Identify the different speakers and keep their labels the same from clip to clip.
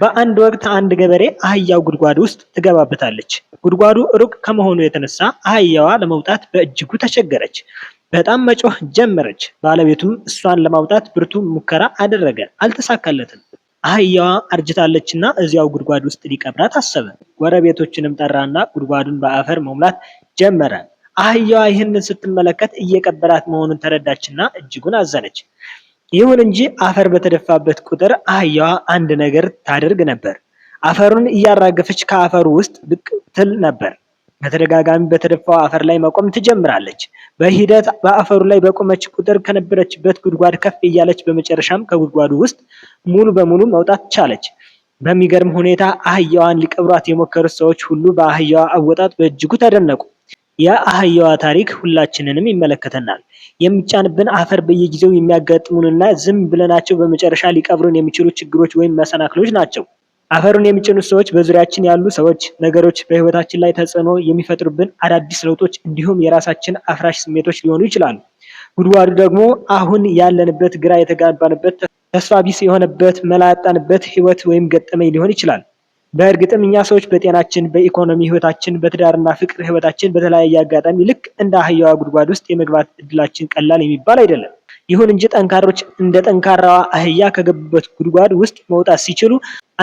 Speaker 1: በአንድ ወቅት አንድ ገበሬ አህያው ጉድጓድ ውስጥ ትገባበታለች። ጉድጓዱ ሩቅ ከመሆኑ የተነሳ አህያዋ ለመውጣት በእጅጉ ተቸገረች። በጣም መጮህ ጀመረች። ባለቤቱም እሷን ለማውጣት ብርቱ ሙከራ አደረገ፣ አልተሳካለትም። አህያዋ አርጅታለችና እዚያው ጉድጓድ ውስጥ ሊቀብራት አሰበ። ጎረቤቶችንም ጠራና ጉድጓዱን በአፈር መሙላት ጀመረ። አህያዋ ይህንን ስትመለከት እየቀበራት መሆኑን ተረዳችና እጅጉን አዘነች። ይሁን እንጂ አፈር በተደፋበት ቁጥር አህያዋ አንድ ነገር ታደርግ ነበር። አፈሩን እያራገፈች ከአፈሩ ውስጥ ብቅ ትል ነበር። በተደጋጋሚ በተደፋው አፈር ላይ መቆም ትጀምራለች። በሂደት በአፈሩ ላይ በቆመች ቁጥር ከነበረችበት ጉድጓድ ከፍ እያለች በመጨረሻም ከጉድጓዱ ውስጥ ሙሉ በሙሉ መውጣት ቻለች። በሚገርም ሁኔታ አህያዋን ሊቀብሯት የሞከሩት ሰዎች ሁሉ በአህያዋ አወጣጥ በእጅጉ ተደነቁ። የአህያዋ ታሪክ ሁላችንንም ይመለከተናል። የሚጫንብን አፈር በየጊዜው የሚያጋጥሙንና ዝም ብለናቸው በመጨረሻ ሊቀብሩን የሚችሉ ችግሮች ወይም መሰናክሎች ናቸው። አፈሩን የሚጭኑት ሰዎች፣ በዙሪያችን ያሉ ሰዎች፣ ነገሮች፣ በህይወታችን ላይ ተጽዕኖ የሚፈጥሩብን አዳዲስ ለውጦች እንዲሁም የራሳችን አፍራሽ ስሜቶች ሊሆኑ ይችላሉ። ጉድጓዱ ደግሞ አሁን ያለንበት ግራ የተጋባንበት፣ ተስፋ ቢስ የሆነበት፣ መላ ያጣንበት ህይወት ወይም ገጠመኝ ሊሆን ይችላል። በእርግጥም እኛ ሰዎች በጤናችን፣ በኢኮኖሚ ህይወታችን፣ በትዳርና ፍቅር ህይወታችን በተለያየ አጋጣሚ ልክ እንደ አህያዋ ጉድጓድ ውስጥ የመግባት እድላችን ቀላል የሚባል አይደለም። ይሁን እንጂ ጠንካሮች እንደ ጠንካራዋ አህያ ከገቡበት ጉድጓድ ውስጥ መውጣት ሲችሉ፣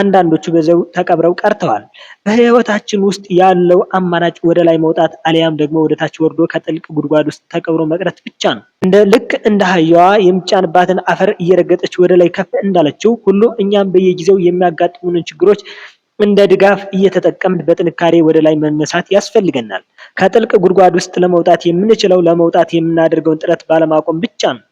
Speaker 1: አንዳንዶቹ በዘው ተቀብረው ቀርተዋል። በህይወታችን ውስጥ ያለው አማራጭ ወደ ላይ መውጣት አሊያም ደግሞ ወደ ታች ወርዶ ከጥልቅ ጉድጓድ ውስጥ ተቀብሮ መቅረት ብቻ ነው። እንደ ልክ እንደ አህያዋ የምጫንባትን አፈር እየረገጠች ወደ ላይ ከፍ እንዳለችው ሁሉ እኛም በየጊዜው የሚያጋጥሙንን ችግሮች እንደ ድጋፍ እየተጠቀምን በጥንካሬ ወደ ላይ መነሳት ያስፈልገናል። ከጥልቅ ጉድጓድ ውስጥ ለመውጣት የምንችለው ለመውጣት የምናደርገውን ጥረት ባለማቆም ብቻ ነው።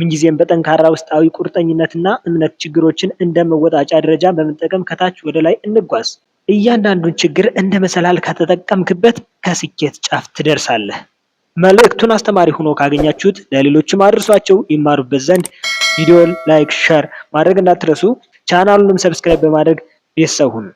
Speaker 1: ምንጊዜም በጠንካራ ውስጣዊ ቁርጠኝነትና እምነት ችግሮችን እንደ መወጣጫ ደረጃ በመጠቀም ከታች ወደ ላይ እንጓዝ። እያንዳንዱን ችግር እንደ መሰላል ከተጠቀምክበት ከስኬት ጫፍ ትደርሳለህ። መልእክቱን አስተማሪ ሆኖ ካገኛችሁት ለሌሎችም አድርሷቸው ይማሩበት ዘንድ ቪዲዮ ላይክ፣ ሸር ማድረግ እንዳትረሱ። ቻናሉንም ሰብስክራይብ በማድረግ ቤተሰብ ሁኑ።